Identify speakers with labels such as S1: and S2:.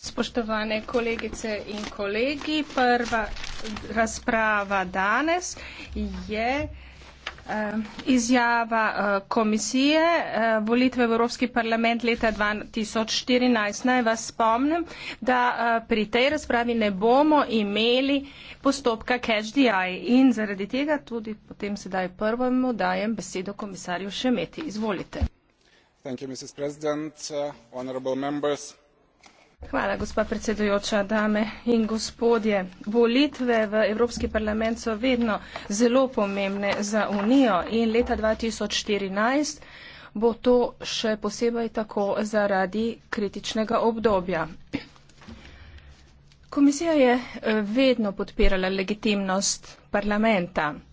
S1: Spoštovane kolegice in kolegi, prva razprava danes je eh, izjava eh, komisije eh, volitve v Evropski parlament leta 2014. Naj vas spomnim, da pri tej razpravi ne bomo imeli postopka catch the eye in zaradi tega tudi potem sedaj prvemu dajem besedo komisarju Šemeti. Izvolite.
S2: Uh,
S1: hvala gospa predsedujoča dame in gospodje volitve v evropski parlament so vedno zelo pomembne za unijo in leta dva tisoč štirinajst bo to še posebej tako zaradi kritičnega obdobja komisija je eh, vedno podpirala legitimnost parlamenta